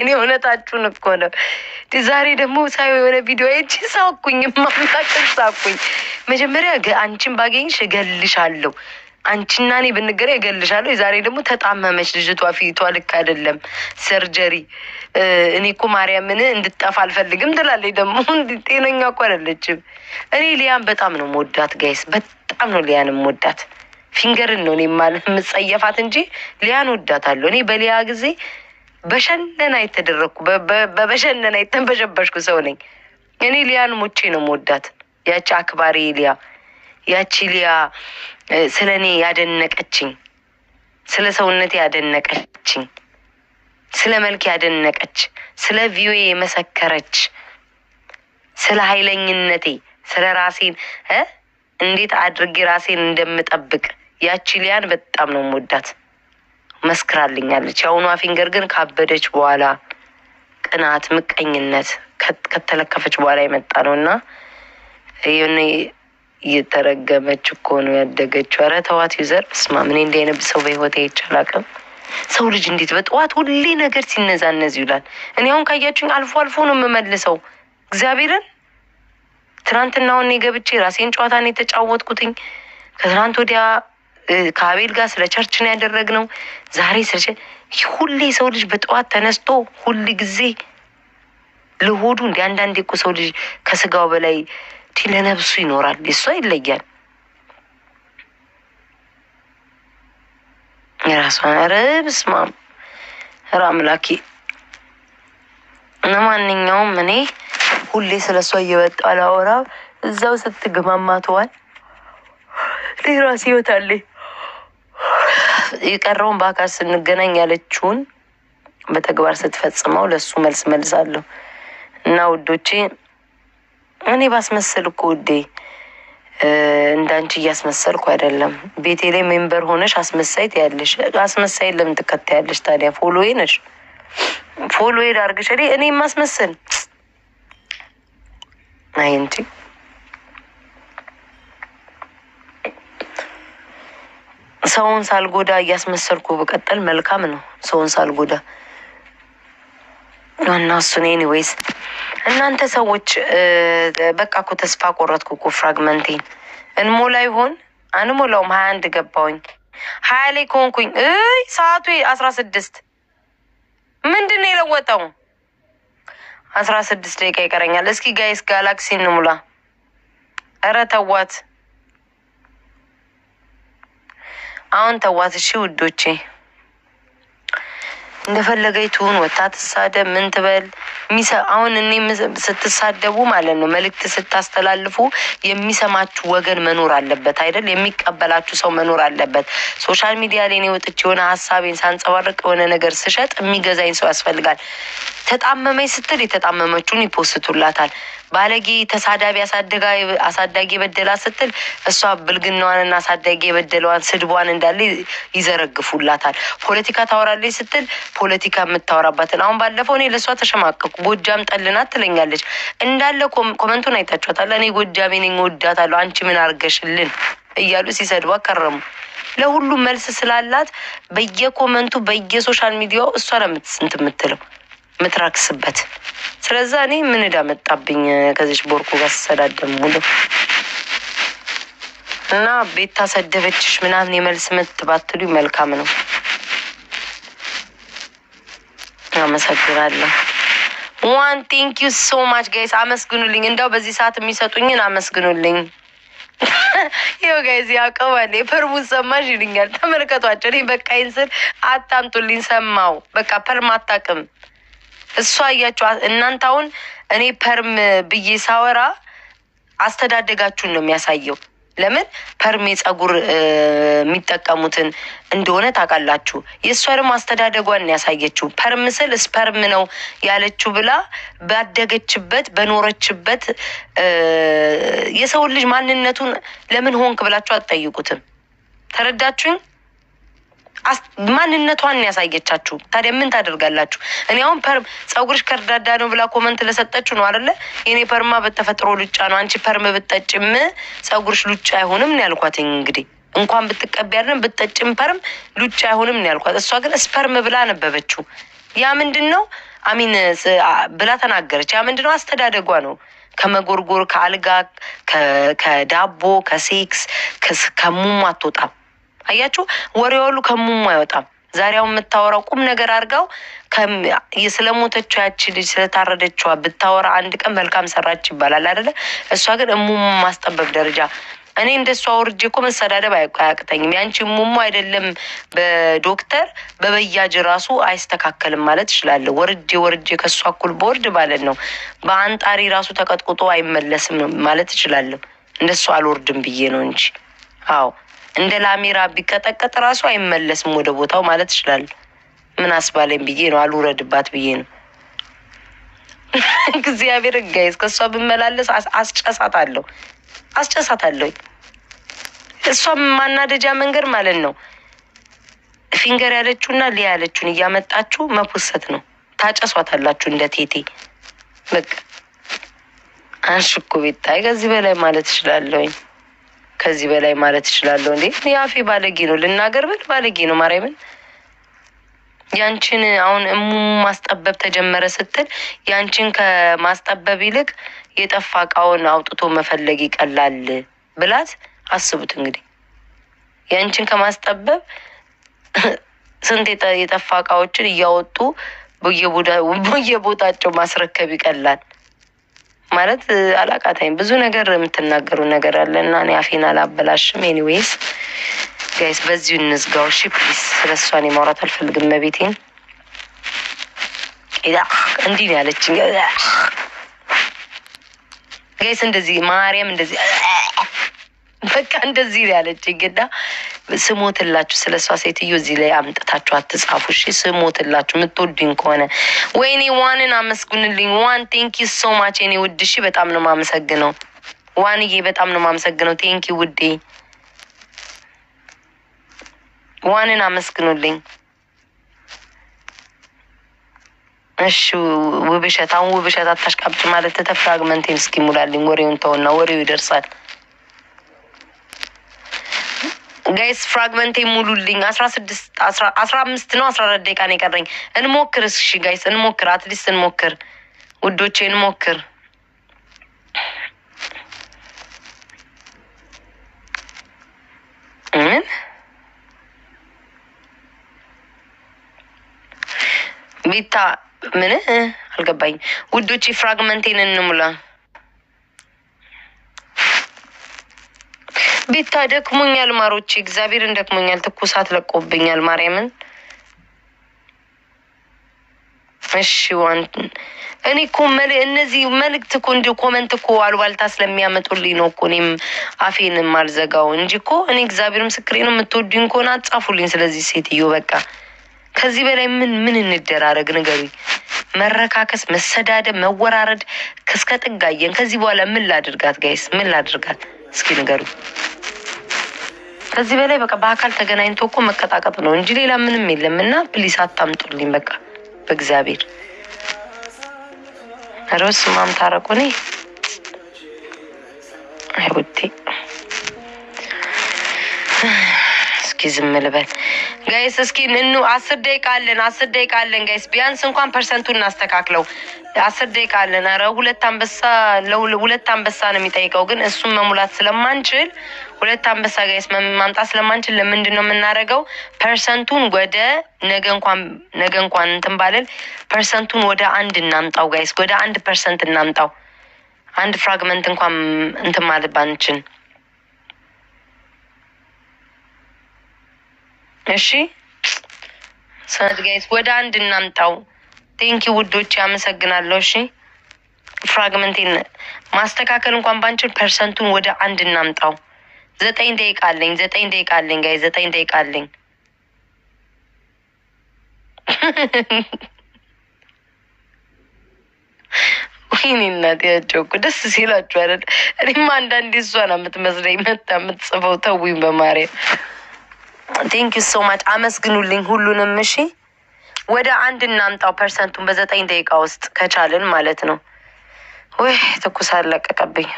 እኔ እውነታችሁን እኮ ነው። ዛሬ ደግሞ ሳይሆን የሆነ ቪዲዮ አይቼ ሳኩኝ፣ ማምላቅን ሳኩኝ። መጀመሪያ አንቺን ባገኝሽ እገልሻለሁ፣ አንቺና እኔ ብንገናኝ እገልሻለሁ። የዛሬ ደግሞ ተጣመመች ልጅቷ፣ ፊቷ ልክ አይደለም፣ ሰርጀሪ። እኔ እኮ ማርያምን እንድጠፋ አልፈልግም ትላለች። ደግሞ ጤነኛ እኮ አይደለችም። እኔ ሊያን በጣም ነው መወዳት፣ ጋይስ በጣም ነው ሊያን መወዳት ፊንገርን ነው እኔ የምጸየፋት እንጂ ሊያን ወዳታለሁ። እኔ በሊያ ጊዜ በሸነና የተደረግኩ በበሸነና የተንበሸበሽኩ ሰው ነኝ። እኔ ሊያን ሞቼ ነው መወዳት ያቺ አክባሪ ሊያ፣ ያቺ ሊያ ስለ እኔ ያደነቀችኝ፣ ስለ ሰውነት ያደነቀችኝ፣ ስለ መልክ ያደነቀች፣ ስለ ቪዮኤ የመሰከረች፣ ስለ ኃይለኝነቴ፣ ስለ ራሴን እንዴት አድርጌ ራሴን እንደምጠብቅ ያቺ ሊያን በጣም ነው መወዳት። መስክራልኛለች። የአሁኗ ፊንገር ግን ካበደች በኋላ ቅናት፣ ምቀኝነት ከተለከፈች በኋላ የመጣ ነው እና የሆነ እየተረገመች እኮ ነው ያደገችው። ኧረ ተዋት ዩዘር ስማ ምን እንዲ አይነት ሰው በህይወት አይቻል አቅም ሰው ልጅ እንዴት በጠዋት ሁሌ ነገር ሲነዛነዝ ይውላል። እኔ አሁን ካያችሁኝ አልፎ አልፎ ነው የምመልሰው እግዚአብሔርን። ትናንትና አሁን እኔ ገብቼ ራሴን ጨዋታ የተጫወትኩትኝ ከትናንት ወዲያ ከአቤል ጋር ስለ ቸርች ነው ያደረግነው። ዛሬ ስለ ሁሌ ሰው ልጅ በጠዋት ተነስቶ ሁል ጊዜ ለሆዱ እንዲ አንዳንዴ እኮ ሰው ልጅ ከስጋው በላይ ቲ ለነብሱ ይኖራል። እሷ ይለያል። የራሷን ርብስ ማም አብ ኧረ አምላኬ። ለማንኛውም እኔ ሁሌ ስለ እሷ እየበጣ ላወራ እዛው ስትግማማተዋል። እኔ ራሴ ህይወት አለኝ። የቀረውን በአካል ስንገናኝ ያለችውን በተግባር ስትፈጽመው ለሱ መልስ መልሳለሁ እና ውዶቼ እኔ ባስመሰል እኮ ውዴ እንዳንቺ እያስመሰልኩ አይደለም። ቤቴ ላይ ሜምበር ሆነሽ አስመሳይ ትያለሽ። አስመሳይ ለምን ትከታያለሽ ታዲያ? ፎሎዌ ነሽ። ፎሎዌ ዳርግሽ እኔ ማስመሰል አይ ሰውን ሳልጎዳ እያስመሰልኩ በቀጠል መልካም ነው። ሰውን ሳልጎዳ እና እሱን ኤኒዌይስ እናንተ ሰዎች በቃ እኮ ተስፋ ቆረጥኩ እኮ ፍራግመንቴን እንሞላ ይሆን አንሞላውም። ሀያ አንድ ገባውኝ ሀያ ላይ ከሆንኩኝ እይ ሰዓቱ አስራ ስድስት ምንድን ነው የለወጠው? አስራ ስድስት ደቂቃ ይቀረኛል። እስኪ ጋይስ ጋላክሲ እንሙላ። እረ ተዋት። አሁን ተዋት እሺ ውዶቼ። እንደፈለገች ትሁን፣ ወታ ትሳደብ፣ ምን ትበል አሁን እኔ ስትሳደቡ ማለት ነው መልእክት ስታስተላልፉ የሚሰማችሁ ወገን መኖር አለበት አይደል? የሚቀበላችሁ ሰው መኖር አለበት። ሶሻል ሚዲያ ላይ እኔ ወጥቼ የሆነ ሀሳቤን ሳንጸባርቅ የሆነ ነገር ስሸጥ የሚገዛኝ ሰው ያስፈልጋል። ተጣመመኝ ስትል የተጣመመችውን ይፖስቱላታል። ባለጌ ተሳዳቢ አሳዳጊ የበደላ ስትል እሷ ብልግናዋንና አሳዳጊ የበደለዋን ስድቧን እንዳለ ይዘረግፉላታል። ፖለቲካ ታወራለች ስትል ፖለቲካ የምታወራባትን አሁን ባለፈው እኔ ለእሷ ተሸማቀቁ ጎጃም ጠልናት ትለኛለች እንዳለ ኮመንቱን አይታችኋታል። እኔ ጎጃሜ ነኝ እወዳታለሁ፣ አንቺ ምን አርገሽልን እያሉ ሲሰድቧ ከረሙ። ለሁሉም መልስ ስላላት በየኮመንቱ በየሶሻል ሚዲያው እሷ ነው ምትስንት የምትለው ምትራክስበት። ስለዛ እኔ ምን እዳ መጣብኝ ከዚች ቦርኮ ጋር ስሰዳደም ሙሉ እና ቤት ታሰደበችሽ ምናምን የመልስ ምት ባትሉ መልካም ነው። አመሰግናለሁ። ዋን ቴንክ ዩ ሶ ማች ጋይስ አመስግኑልኝ። እንዳው በዚህ ሰዓት የሚሰጡኝን አመስግኑልኝ። ይው ጋይዝ ያውቀዋል። ፐርሙን ሰማሽ ይልኛል። ተመልከቷቸው። እኔ በቃ ይህን አታምጡልኝ ሰማው። በቃ ፐርም አታውቅም እሷ እያችሁ እናንተ አሁን እኔ ፐርም ብዬ ሳወራ አስተዳደጋችሁን ነው የሚያሳየው። ለምን ፐርሜ ጸጉር የሚጠቀሙትን እንደሆነ ታውቃላችሁ። የእሷ ደግሞ አስተዳደጓን ያሳየችው ፐርም ስል ስፐርም ነው ያለችው ብላ ባደገችበት በኖረችበት የሰውን ልጅ ማንነቱን ለምን ሆንክ ብላችሁ አትጠይቁትም። ተረዳችሁኝ? ማንነቷን ያሳየቻችሁ። ታዲያ ምን ታደርጋላችሁ? እኔ አሁን ፐርም ጸጉርሽ ከርዳዳ ነው ብላ ኮመንት ለሰጠችው ነው አደለ? የኔ ፐርማ በተፈጥሮ ሉጫ ነው። አንቺ ፐርም ብጠጭም ጸጉርሽ ሉጫ አይሆንም ነው ያልኳትኝ። እንግዲህ እንኳን ብትቀቢ ያለን ብጠጭም ፐርም ሉጫ አይሆንም ነው ያልኳት። እሷ ግን ስፐርም ብላ ነበበችው። ያ ምንድን ነው አሚን ብላ ተናገረች። ያ ምንድን ነው አስተዳደጓ ነው ከመጎርጎር ከአልጋ ከዳቦ ከሴክስ ከሙሙ አትወጣም። አያችሁ፣ ወሬ ሁሉ ከሙሙ አይወጣም። ዛሬው የምታወራው ቁም ነገር አድርጋው ስለሞተችው ያቺ ልጅ ስለታረደችዋ ብታወራ አንድ ቀን መልካም ሰራች ይባላል አደለ? እሷ ግን እሙሙ ማስጠበብ ደረጃ እኔ እንደሷ ውርጅ እኮ መሰዳደብ አያቅተኝም። ያንቺ ሙሙ አይደለም በዶክተር በበያጅ ራሱ አይስተካከልም ማለት እችላለሁ። ወርጄ ወርጄ ከእሷ እኩል በወርድ ማለት ነው። በአንጣሪ ራሱ ተቀጥቅጦ አይመለስም ማለት እችላለሁ። እንደሷ አልወርድም ብዬ ነው እንጂ አዎ እንደ ላሜራ ቢቀጠቀጥ ራሱ አይመለስም ወደ ቦታው ማለት ይችላል። ምን አስባለኝ ብዬ ነው አልውረድባት ብዬ ነው። እግዚአብሔር ጋይስ ከእሷ ብመላለስ አስጨሳታለሁ፣ አስጨሳታለሁ። እሷ ማናደጃ መንገድ ማለት ነው። ፊንገር ያለችውና ሊያ ያለችውን እያመጣችሁ መፖሰት ነው። ታጨሷታላችሁ እንደ ቴቴ በቃ አንሽኩ ቤታይ ከዚህ በላይ ማለት እችላለሁኝ። ከዚህ በላይ ማለት እችላለሁ እንዴ? የአፌ ባለጌ ነው። ልናገር ብል ባለጌ ነው። ማርያምን ያንቺን አሁን እሙ ማስጠበብ ተጀመረ ስትል ያንቺን ከማስጠበብ ይልቅ የጠፋ እቃውን አውጥቶ መፈለግ ይቀላል ብላት፣ አስቡት እንግዲህ ያንቺን ከማስጠበብ ስንት የጠፋ እቃዎችን እያወጡ በየቦታቸው ማስረከብ ይቀላል። ማለት አላቃታይም። ብዙ ነገር የምትናገሩ ነገር አለ እና እኔ አፌን አላበላሽም። ኤኒዌይስ ጋይስ በዚሁ እንዝጋው። እሺ ፕሊስ፣ ስለሷ እኔ ማውራት አልፈልግም። መቤቴን እንዲህ ነው ያለችኝ ጋይስ። እንደዚህ ማርያም እንደዚህ በቃ እንደዚህ ነው ያለችኝ እና ስሞትላችሁ፣ ስለ እሷ ሴትዮ እዚህ ላይ አምጥታችሁ አትጻፉ። እሺ ስሞትላችሁ፣ የምትወዱኝ ከሆነ ወይኔ ዋንን አመስግንልኝ። ዋን ቴንኪ ሶ ማች ኔ ውድ። እሺ በጣም ነው ማመሰግነው ዋንዬ፣ በጣም ነው ማመሰግነው። ቴንኪ ውዴ። ዋንን አመስግኑልኝ። እሺ ውብሸት፣ አሁን ውብሸት አታሽቃብጭ ማለት ተፍራግመንቴን እስኪሙላልኝ። ወሬውን ተውና ወሬው ይደርሳል። ጋይስ ፍራግመንቴ ሙሉልኝ። አስራ ስድስት አስራ አምስት ነው አስራ አራት ደቂቃ ነው የቀረኝ። እንሞክር እስኪ ጋይስ እንሞክር፣ አትሊስት እንሞክር ውዶቼ እንሞክር። ምን ቤታ ምን አልገባኝ። ውዶቼ ፍራግመንቴን እንሙላ። ቤታ ደክሞኛል ማሮች እግዚአብሔርን ደክሞኛል። ትኩሳት ለቆብኛል። ማርያምን እሺ ዋንት እኔ እኮ እነዚህ መልእክት እኮ እንዲ ኮመንት እኮ አልባልታ ስለሚያመጡልኝ ነው እኮ እኔም አፌንም አልዘጋው እንጂ እኮ እኔ እግዚአብሔር ምስክሬ ነው። የምትወዱኝ ከሆነ አጻፉልኝ። ስለዚህ ሴትዮ በቃ ከዚህ በላይ ምን ምን እንደራረግ ንገሩኝ። መረካከስ፣ መሰዳደብ፣ መወራረድ እስከ ጥጋየን። ከዚህ በኋላ ምን ላድርጋት? ጋይስ ምን ላድርጋት? እስኪ ንገሩኝ። ከዚህ በላይ በቃ በአካል ተገናኝቶ እኮ መቀጣቀጥ ነው እንጂ ሌላ ምንም የለም። እና ፕሊስ አታምጡልኝ በቃ በእግዚአብሔር ሮስ ማምታረቁ እኔ እስኪ ዝም ልበል ጋይስ። እስኪ እኑ አስር ደቂቃ አለን፣ አስር ደቂቃ አለን ጋይስ። ቢያንስ እንኳን ፐርሰንቱን እናስተካክለው። አስር ደቂቃ አለን። ኧረ ሁለት አንበሳ ለሁለት አንበሳ ነው የሚጠይቀው፣ ግን እሱን መሙላት ስለማንችል ሁለት አንበሳ ጋይስ ማምጣት ስለማንችል ለምንድን ነው የምናደርገው? ፐርሰንቱን ወደ ነገ እንኳን ነገ እንኳን እንትን ባለን ፐርሰንቱን ወደ አንድ እናምጣው ጋይስ፣ ወደ አንድ ፐርሰንት እናምጣው። አንድ ፍራግመንት እንኳን እንትን ማለት ባንችን። እሺ ሰነድ ጋይስ ወደ አንድ እናምጣው። ቴንኪ ውዶች፣ ያመሰግናለሁ። እሺ ፍራግመንቴን ማስተካከል እንኳን ባንችል ፐርሰንቱን ወደ አንድ እናምጣው። ዘጠኝ ደቂቃ አለኝ። ዘጠኝ ደቂቃ አለኝ። ጋይ ዘጠኝ ደቂቃ አለኝ። ወይኔ እናቴ ያጨቁ ደስ ሲላችሁ አይደል? እኔማ አንዳንዴ እሷን የምትመስለኝ መታ የምትጽፈው። ተዊም በማርያም ቴንክ ዩ ሶ ማች አመስግኑልኝ ሁሉንም። እሺ ወደ አንድ እናምጣው ፐርሰንቱን በዘጠኝ ደቂቃ ውስጥ ከቻልን ማለት ነው። ወይ ትኩስ አለቀቀብኝ።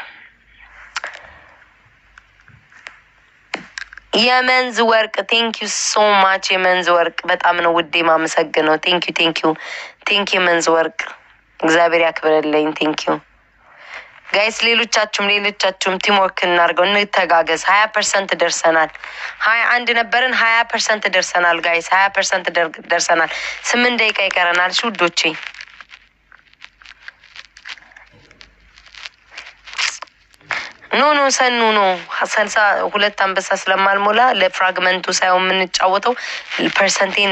የመንዝ ወርቅ ቴንክ ዩ ሶ ማች የመንዝ ወርቅ በጣም ነው ውዴ ማመሰግነው። ቴንክ ዩ ቴንክ ዩ ቴንክ ዩ የመንዝ ወርቅ እግዚአብሔር ያክብረልኝ። ቴንክ ዩ ጋይስ። ሌሎቻችሁም ሌሎቻችሁም ቲምወርክ እናርገው፣ እንተጋገዝ። ሀያ ፐርሰንት ደርሰናል። ሀያ አንድ ነበርን፣ ሀያ ፐርሰንት ደርሰናል። ጋይስ ሀያ ፐርሰንት ደርሰናል። ስምንት ደቂቃ ይቀረናል ሽ ውዶቼ። ኖ ኖ ሰኑ ኖ ሰልሳ ሁለት አንበሳ ስለማልሞላ ለፍራግመንቱ ሳይሆን የምንጫወተው ፐርሰንቴን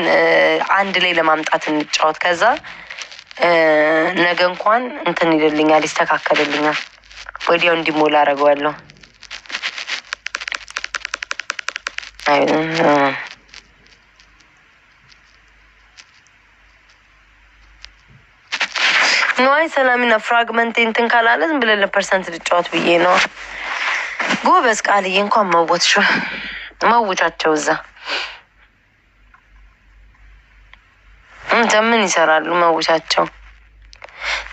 አንድ ላይ ለማምጣት እንጫወት። ከዛ ነገ እንኳን እንትን ይልልኛል፣ ይስተካከልልኛል። ወዲያው እንዲሞላ አደርገዋለሁ። ነዋይ ሰላሚና ፍራግመንት እንትን ካላለ ዝም ብለን ለፐርሰንት ልጫወት ብዬ ነው። ጎበዝ ቃልዬ እንኳን መቦት መውጫቸው እዛ ምን ይሰራሉ? መውጫቸው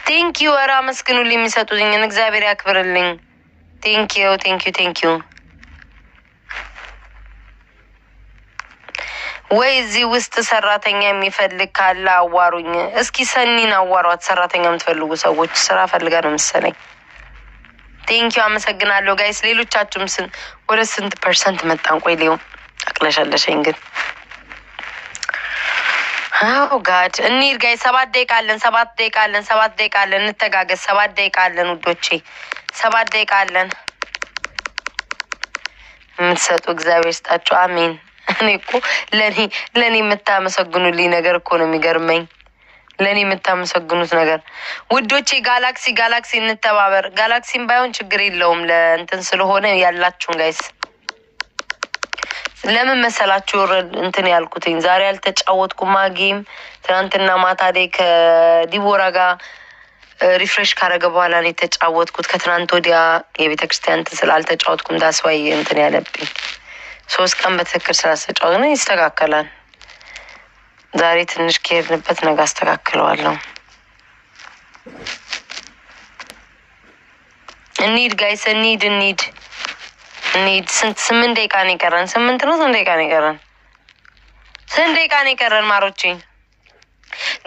ቴንኪዩ። ኧረ አመስግኑልኝ የሚሰጡትኝን እግዚአብሔር ያክብርልኝ። ቴንኪዩ ቴንኪዩ ቴንኪዩ ወይ እዚህ ውስጥ ሰራተኛ የሚፈልግ ካለ አዋሩኝ። እስኪ ሰኒን አዋሯት። ሰራተኛ የምትፈልጉ ሰዎች ስራ ፈልጋ ነው መሰለኝ። ቴንኪው አመሰግናለሁ ጋይስ። ሌሎቻችሁም ስን ወደ ስንት ፐርሰንት መጣን? ቆይ ሊሆን አቅለሻለሸኝ ግን አዎ ጋድ እኒር ጋይ ሰባት ደቂቃ አለን። ሰባት ደቂቃ አለን። ሰባት ደቂቃ አለን። እንተጋገዝ። ሰባት ደቂቃ አለን ውዶቼ፣ ሰባት ደቂቃ አለን። የምትሰጡ እግዚአብሔር ስጣችሁ። አሜን እኔ እኮ ለእኔ ለእኔ የምታመሰግኑልኝ ነገር እኮ ነው የሚገርመኝ። ለእኔ የምታመሰግኑት ነገር ውዶቼ፣ ጋላክሲ ጋላክሲ እንተባበር። ጋላክሲን ባይሆን ችግር የለውም ለእንትን ስለሆነ ያላችሁን ጋይስ ለምን መሰላችሁ ወረድ እንትን ያልኩትኝ ዛሬ ያልተጫወትኩማ ጌም ትናንትና ማታ ላይ ከዲቦራ ጋር ሪፍሬሽ ካረገ በኋላ ነው የተጫወትኩት። ከትናንት ወዲያ የቤተ ክርስቲያን እንትን ስላልተጫወትኩም ዳስዋይ እንትን ያለብኝ ሶስት ቀን በትክክል ግን ይስተካከላል። ዛሬ ትንሽ ከሄድንበት ነገ አስተካክለዋለሁ። እንሂድ ጋይስ፣ እንሂድ እንሂድ እንሂድ። ስምንት ደቂቃ ነው የቀረን። ስምንት ነው ስንት ደቂቃ ነው የቀረን? ስንት ደቂቃ ነው የቀረን? ማሮቼ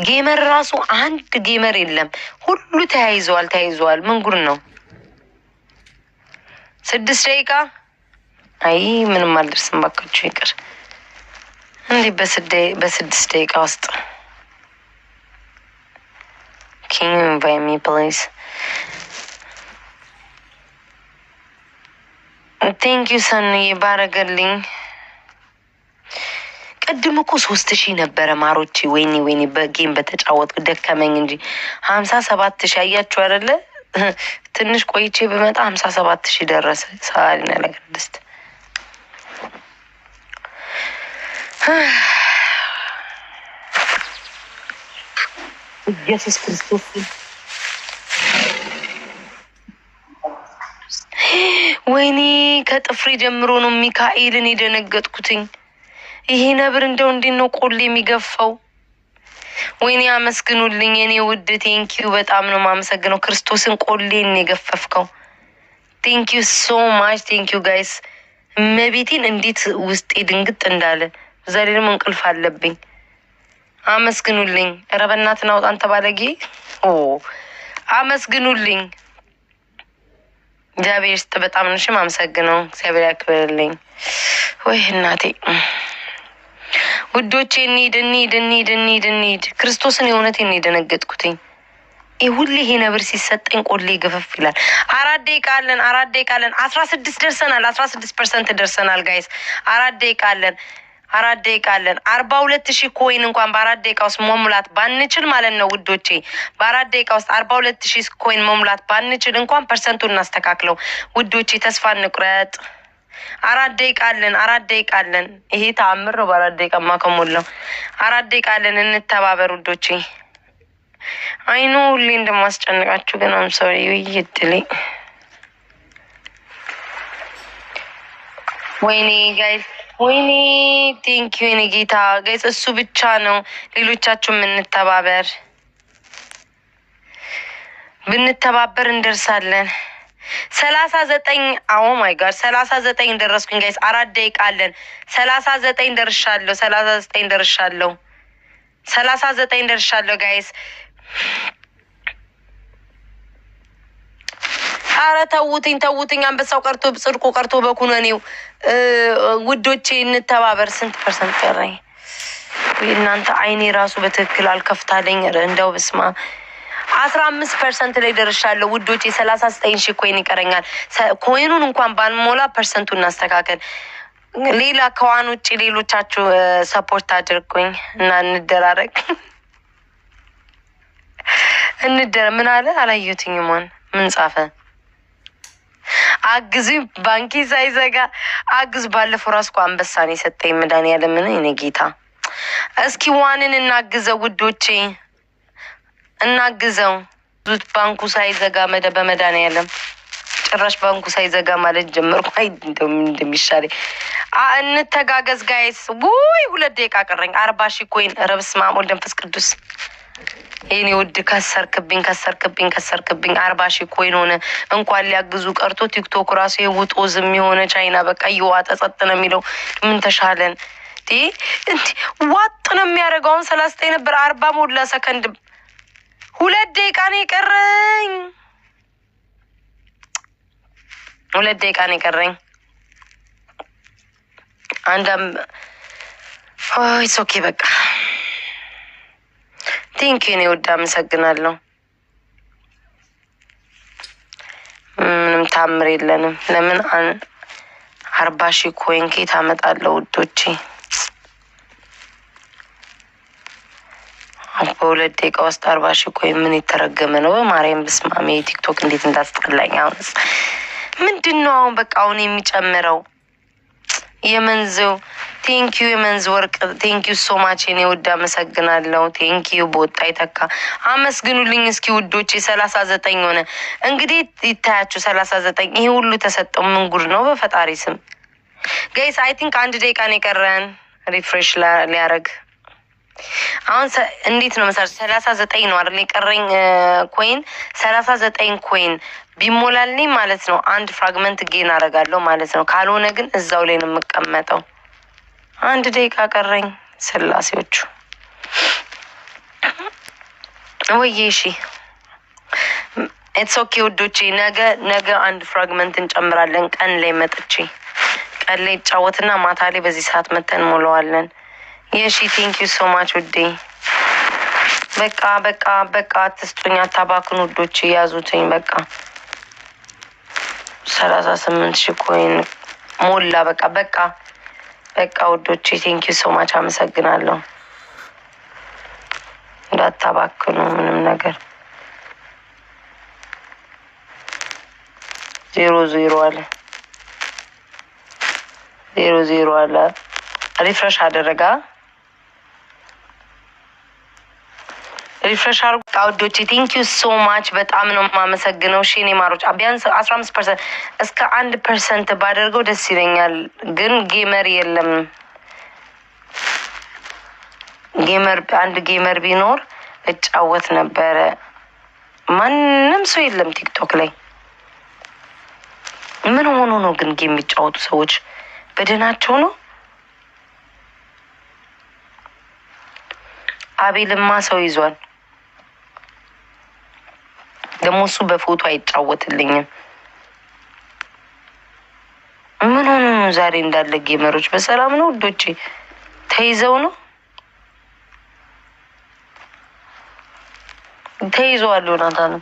ጌመር ራሱ አንድ ጌመር የለም። ሁሉ ተያይዘዋል ተያይዘዋል። ምን ጉድ ነው? ስድስት ደቂቃ አይ ምንም አልደርስም፣ ባካችሁ ይቅር። እንዴ በስደይ በስድስት ደቂቃ ውስጥ ኪን ባይ ሚ ፕሊዝ ቴንክ ዩ ሰንዬ ባረገልኝ። ቅድም እኮ ሶስት ሺህ ነበረ ማሮቼ። ወይኔ ወይኔ በጌም በተጫወትኩ ደከመኝ እንጂ ሀምሳ ሰባት ሺህ አያችሁ አይደለ? ትንሽ ቆይቼ ብመጣ ሀምሳ ሰባት ሺህ ደረሰ። ሰዓሊና ለቅድስት ኢየሱስ ክርስቶስ ወይኔ ከጥፍሬ ጀምሮ ነው ሚካኤልን የደነገጥኩትኝ። ይሄ ነብር እንደው እንዴት ነው ቆሌ የሚገፋው? ወይኔ አመስግኑልኝ የኔ ውድ ቴንኪዩ፣ በጣም ነው የማመሰግነው። ክርስቶስን ቆሌን የገፈፍከው ቴንኪዩ ሶ ማች ቴንኪዩ ጋይስ። እመቤቴን እንዴት ውስጤ ድንግጥ እንዳለ ዛሬ ደግሞ እንቅልፍ አለብኝ። አመስግኑልኝ። ኧረ በእናትህ ና አንተ ባለጌ። አመስግኑልኝ። እግዚአብሔር ስጥ። በጣም ነሽም አመሰግነው። እግዚአብሔር ያክብርልኝ። ወይ እናቴ ውዶቼ እንሂድ እንሂድ እንሂድ እንሂድ እንሂድ። ክርስቶስን የእውነቴን ነው የደነገጥኩትኝ። ሁሌ ይሄ ነብር ሲሰጠኝ ቆሌ ግፍፍ ይላል። አራት ደቂቃ አለን፣ አራት ደቂቃ አለን። አስራ ስድስት ደርሰናል። አስራ ስድስት ፐርሰንት ደርሰናል ጋይስ። አራት ደቂቃ አለን። አራት ደቂቃ አለን። አርባ ሁለት ሺ ኮይን እንኳን በአራት ደቂቃ ውስጥ መሙላት ባንችል ማለት ነው ውዶቼ፣ በአራት ደቂቃ ውስጥ አርባ ሁለት ሺ ኮይን መሙላት ባንችል እንኳን ፐርሰንቱን እናስተካክለው ውዶቼ፣ ተስፋ እንቁረጥ። አራት ደቂቃ አለን። አራት ደቂቃ አለን። ይሄ ተአምር ነው። በአራት ደቂቃ ከሞላው አራት ደቂቃ አለን። እንተባበር ውዶቼ። አይኖ ሁሌ እንደማስጨንቃችሁ ግን አምሰው ይድል ወይኔ ጋይስ ወይኔ ቴንክ ዩ ጌታ ገጽ እሱ ብቻ ነው። ሌሎቻችሁ የምንተባበር ብንተባበር እንደርሳለን። ሰላሳ ዘጠኝ አዎ ማይ ጋር ሰላሳ ዘጠኝ ደረስኩኝ ጋይስ፣ አራት ደቂቃ አለን። ሰላሳ ዘጠኝ ደርሻለሁ። ሰላሳ ዘጠኝ ደርሻለሁ። ሰላሳ ዘጠኝ ደርሻለሁ ጋይስ። አረ ተውትኝ ተውትኝ፣ አንበሳው ቀርቶ ጽድቁ ቀርቶ በኩነኔው። ውዶቼ እንተባበር። ስንት ፐርሰንት ቀረኝ? እናንተ አይኔ ራሱ በትክክል አልከፍታለኝ። እንደው ብስማ አስራ አምስት ፐርሰንት ላይ ደርሻለሁ ውዶቼ። ሰላሳ ዘጠኝ ሺ ኮይን ይቀረኛል። ኮይኑን እንኳን ባንሞላ ፐርሰንቱ እናስተካከል። ሌላ ከዋን ውጭ ሌሎቻችሁ ሰፖርት አድርጉኝ እና እንደራረግ እንደር ምን አለ አላየሁትኝም። ሆን ምን ጻፈ? አግዙ፣ ባንኪ ሳይዘጋ አግዝ። ባለፈው ራስ እኮ አንበሳን የሰጠኝ መድኃኒዓለምን የእኔ ጌታ። እስኪ ዋንን እናግዘው ውዶቼ፣ እናግዘው ዙት ባንኩ ሳይዘጋ መደ በመድኃኒዓለም ጭራሽ ባንኩ ሳይዘጋ ማለት ጀመርኩ። አይ እንደሚሻል እንተጋገዝ ጋይስ። ውይ ሁለት ደቂቃ ቀረኝ። አርባ ሺ ኮይን ረብስ ማሞል ደንፈስ ቅዱስ የኔ ውድ ከሰርክብኝ ከሰርክብኝ ከሰርክብኝ። አርባ ሺ ኮይን ሆነ እንኳን ሊያግዙ ቀርቶ ቲክቶክ ራሱ የውጦ ዝም የሆነ ቻይና በቃ እየዋጠ ጸጥ ነው የሚለው። ምን ተሻለን? ዋጥ ነው የሚያደርገውን ሰላስተ ነበር አርባ ሞላ ሰከንድ ሁለት ደቂቃ ነው የቀረኝ። ሁለት ደቂቃ ነው የቀረኝ። አንዳም ኦኬ በቃ ቴንክ ኔ ውድ አመሰግናለሁ። ምንም ታምር የለንም። ለምን አርባ ሺ ኮይን ኬት አመጣለሁ ውዶቼ? በሁለት ደቂቃ ውስጥ አርባ ሺህ ኮይን ምን የተረገመ ነው? በማርያም ብስማሜ ቲክቶክ እንዴት እንዳስጠላኝ። አሁንስ ምንድን ነው አሁን በቃ አሁን የሚጨምረው የመንዘው ቴንክ ዩ የመንዝ ወርቅ ቴንክ ዩ ሶማች የኔ ውድ አመሰግናለሁ። ቴንክ ዩ ይተካ አመስግኑልኝ እስኪ ውዶች። ሰላሳ ዘጠኝ ሆነ እንግዲህ ይታያችሁ። ሰላሳ ዘጠኝ ይሄ ሁሉ ተሰጠው ምን ጉድ ነው? በፈጣሪ ስም ገይስ አይ ቲንክ አንድ ደቂቃ ነው የቀረን ሪፍሬሽ ሊያደርግ አሁን እንዴት ነው መሳሪያ ሰላሳ ዘጠኝ ነው አይደል? የቀረኝ ኮይን ሰላሳ ዘጠኝ ኮይን ቢሞላልኝ ማለት ነው አንድ ፍራግመንት ጌን አደርጋለሁ ማለት ነው። ካልሆነ ግን እዛው ላይ ነው የምቀመጠው። አንድ ደቂቃ ቀረኝ። ስላሴዎቹ ወዬ እሺ፣ ኢትስ ኦኬ ውዶቼ። ነገ ነገ አንድ ፍራግመንት እንጨምራለን። ቀን ላይ መጥቼ ቀን ላይ ይጫወትና ማታ ላይ በዚህ ሰዓት መተን ሞለዋለን። የሺ ቴንክ ዩ ሶ ማች ውዴ። በቃ በቃ በቃ አትስጡኝ፣ አታባክን ውዶቼ፣ ያዙትኝ በቃ ሰላሳ ስምንት ሺ ኮይን ሞላ። በቃ በቃ በቃ ውዶቼ ቴንኪ ሶማች አመሰግናለሁ። እንዳታባክኑ ምንም ነገር ዜሮ ዜሮ አለ ዜሮ ዜሮ አለ ሪፍረሽ አደረጋ ሪፍሬሽ አርጉ ውዶች። ቴንክ ዩ ሶ ማች በጣም ነው የማመሰግነው። ሺ እኔ ማሮች ቢያንስ አስራ አምስት ፐርሰንት እስከ አንድ ፐርሰንት ባደርገው ደስ ይለኛል። ግን ጌመር የለም። ጌመር አንድ ጌመር ቢኖር እጫወት ነበረ። ማንም ሰው የለም ቲክቶክ ላይ። ምን ሆኖ ነው ግን ጌም የሚጫወቱ ሰዎች በደህናቸው ነው? አቤልማ ሰው ይዟል። ደግሞ እሱ በፎቶ አይጫወትልኝም። ምን ሆኖ ነው ዛሬ እንዳለ ጌመሮች? በሰላም ነው ውዶቼ? ተይዘው ነው ተይዘዋል ሆናታ ነው